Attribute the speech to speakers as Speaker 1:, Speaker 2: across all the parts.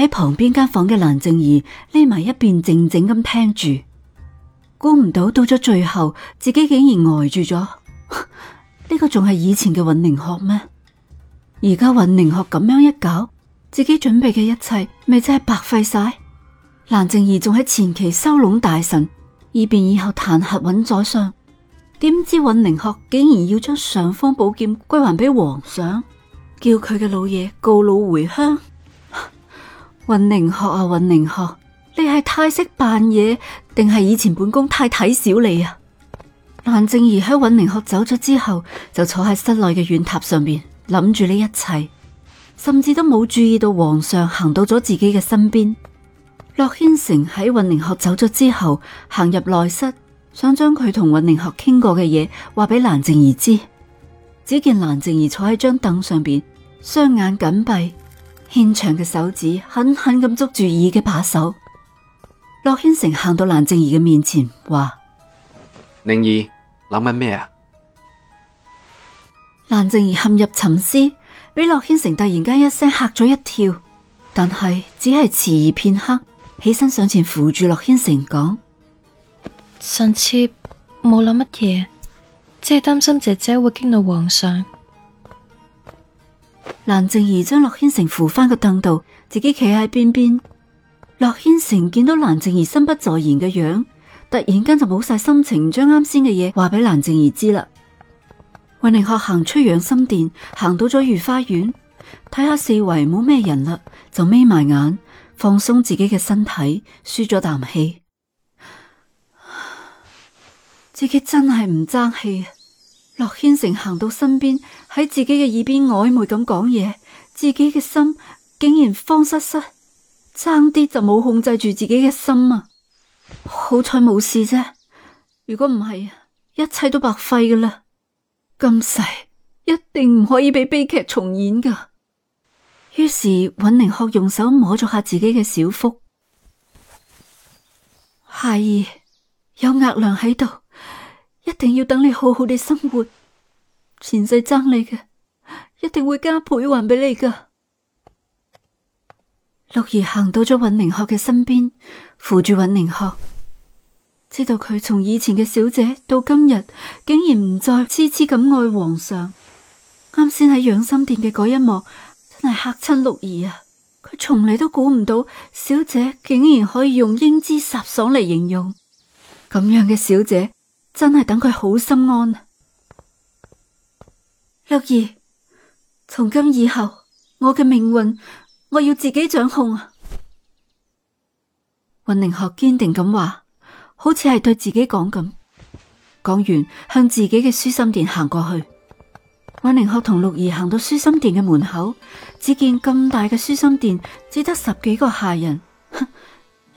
Speaker 1: 喺旁邊間房嘅蘭靜儀，匿埋一邊靜靜咁聽住，估唔到到咗最後，自己竟然呆住咗。呢個仲係以前嘅尹寧學咩？而家尹寧學咁樣一搞，自己準備嘅一切，未真係白費晒。蘭靜儀仲喺前期收攏大臣，以便以後彈劾尹宰相。點知尹寧學竟然要將上方寶劍歸還俾皇上，叫佢嘅老爺告老回鄉。尹寧學啊，尹寧學，你係太識扮嘢，定係以前本宮太睇小你啊？蘭靜兒喺尹寧學走咗之後，就坐喺室內嘅軟榻上邊諗住呢一切，甚至都冇注意到皇上行到咗自己嘅身邊。洛軒成喺尹寧學走咗之後，行入內室，想將佢同尹寧學傾過嘅嘢話俾蘭靜兒知，只見蘭靜兒坐喺張凳上邊，雙眼緊閉。牽長嘅手指狠狠咁捉住椅嘅把手，駱軒成行到蘭靜兒嘅面前，話：寧兒諗緊咩啊？蘭靜兒陷入沉思，俾駱軒成突然間一聲嚇咗一跳，但係只係遲疑片刻，起身上前扶住駱軒成講：臣妾冇諗乜嘢，只係擔心姐姐會驚到皇上。蘭靜兒將洛軒成扶翻個凳度，自己企喺邊邊。洛軒成見到蘭靜兒心不在焉嘅樣，突然間就冇晒心情，將啱先嘅嘢話俾蘭靜兒知啦。韋寧學行出養心殿，行到咗御花園，睇下四圍冇咩人啦，就眯埋眼，放鬆自己嘅身體，舒咗啖氣。自己真係唔爭氣。洛軒城行到身邊，喺自己嘅耳邊曖昧咁講嘢，自己嘅心竟然慌失失，爭啲就冇控制住自己嘅心啊！好彩冇事啫，如果唔係啊，一切都白費噶啦！今世一定唔可以俾悲劇重演噶。於是尹寧學用手摸咗下自己嘅小腹，孩兒有額娘喺度。一定要等你好好哋生活，前世欠你嘅，一定會加倍還俾你噶。六兒行到咗尹寧鶴嘅身邊，扶住尹寧鶴，知道佢從以前嘅小姐到今日，竟然唔再痴痴咁愛皇上。啱先喺養心殿嘅嗰一幕，真係吓親六兒啊！佢從嚟都估唔到，小姐竟然可以用英姿颯爽嚟形容，咁樣嘅小姐。真係等佢好心安、啊、六兒，從今以後我嘅命運我要自己掌控啊！溫寧學堅定咁話，好似係對自己講咁。講完向自己嘅舒心殿行過去。溫寧學同六兒行到舒心殿嘅門口，只見咁大嘅舒心殿只得十幾個下人。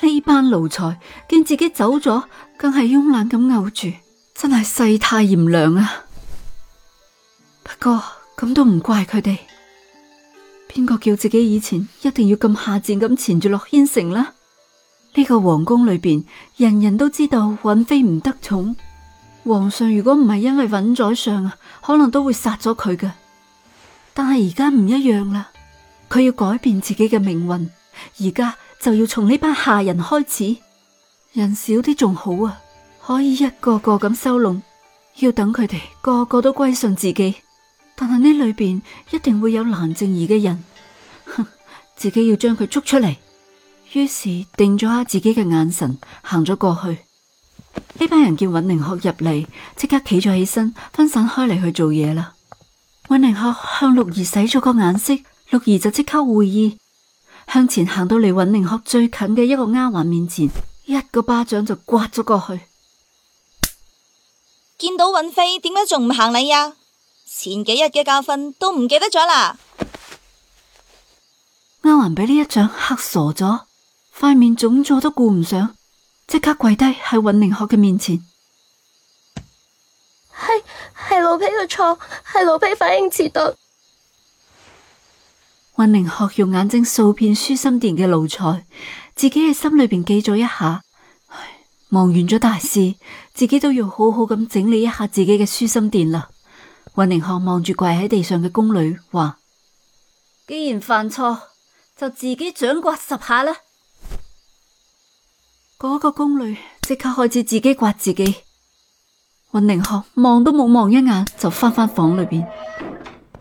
Speaker 1: 呢 班奴才見自己走咗，更係慵懶咁嘔住。真係世態炎涼啊！不過咁都唔怪佢哋，邊個叫自己以前一定要咁下賤咁纏住洛軒城啦？呢個皇宮裏邊，人人都知道允妃唔得寵，皇上如果唔係因為允宰相啊，可能都會殺咗佢嘅。但係而家唔一樣啦，佢要改變自己嘅命運，而家就要從呢班下人開始，人少啲仲好啊！可以一個個咁收攏，要等佢哋個個都歸順自己，但係呢裏邊一定會有蘭靜怡嘅人，哼，自己要將佢捉出嚟。於是定咗下自己嘅眼神，行咗過去。呢班人見尹寧學入嚟，即刻企咗起身，分散開嚟去做嘢啦。尹寧學向六兒使咗個眼色，六兒就即刻會意，向前行到離尹寧學最近嘅一個丫鬟面前，一個巴掌就颳咗過去。見到允妃，點解仲唔行禮啊？前幾日嘅教訓都唔記得咗啦！阿環俾呢一掌吓傻咗，塊面腫咗都顧唔上，即刻跪低喺允寧學嘅面前。係係奴婢嘅錯，係奴婢反應遲鈍。允寧學用眼睛掃遍舒心殿嘅奴才，自己喺心裏邊記咗一下。忙完咗大事，自己都要好好咁整理一下自己嘅舒心殿啦。云寧學望住跪喺地上嘅宮女，話：既然犯錯，就自己掌摑十下啦。嗰個宮女即刻開始自己刮自己。云寧學望都冇望一眼，就翻返房裏邊。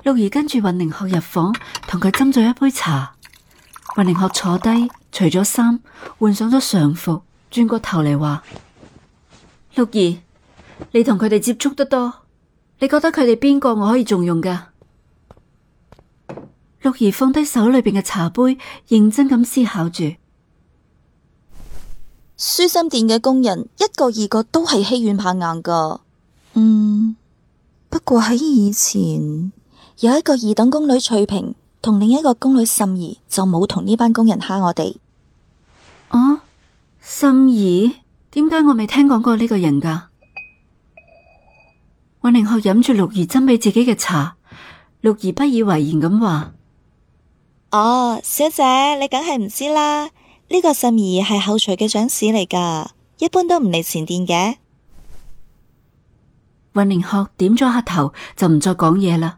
Speaker 1: 六兒跟住云寧學入房，同佢斟咗一杯茶。云寧學坐低，除咗衫，換上咗常服。轉個頭嚟話，六兒，你同佢哋接觸得多，你覺得佢哋邊個我可以重用噶？六兒放低手裏邊嘅茶杯，認真咁思考住。舒心殿嘅工人一個二個都係欺軟怕硬噶。嗯，不過喺以前有一個二等宮女翠萍同另一個宮女慎儀就冇同呢班工人蝦我哋。啊？心兒？點解我未聽講過呢個人噶？運寧鶴飲住六兒斟俾自己嘅茶，六兒不以為然咁話：哦，小姐，你梗係唔知啦，呢個心兒係後廚嘅掌事嚟噶，一般都唔嚟前殿嘅。運寧鶴點咗下頭，就唔再講嘢啦。